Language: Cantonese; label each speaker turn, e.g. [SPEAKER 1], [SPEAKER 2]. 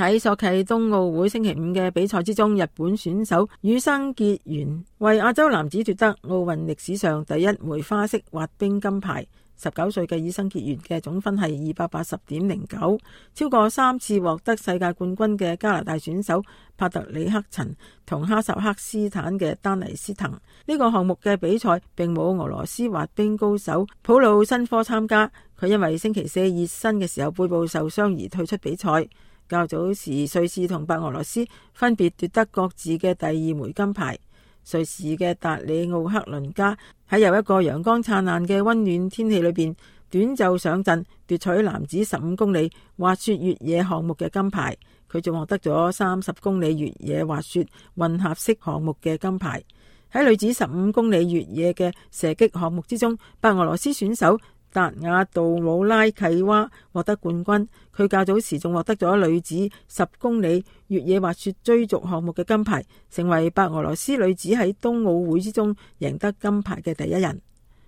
[SPEAKER 1] 喺索契冬奧會星期五嘅比賽之中，日本選手羽生結弦為亞洲男子奪得奧運歷史上第一枚花式滑冰金牌。十九歲嘅羽生結弦嘅總分係二百八十點零九，超過三次獲得世界冠軍嘅加拿大選手帕特里克陳同哈薩克斯坦嘅丹尼斯滕。呢個項目嘅比賽並冇俄羅斯滑冰高手普魯申科參加，佢因為星期四熱身嘅時候背部受傷而退出比賽。較早時，瑞士同白俄羅斯分別奪得各自嘅第二枚金牌。瑞士嘅達里奧克倫加喺又一個陽光燦爛嘅溫暖天氣裏邊，短袖上陣，奪取男子十五公里滑雪越野項目嘅金牌。佢仲獲得咗三十公里越野滑雪混合式項目嘅金牌。喺女子十五公里越野嘅射擊項目之中，白俄羅斯選手。達雅杜姆拉契娃獲得冠軍，佢較早時仲獲得咗女子十公里越野滑雪追逐項目嘅金牌，成為白俄羅斯女子喺冬奧會之中贏得金牌嘅第一人。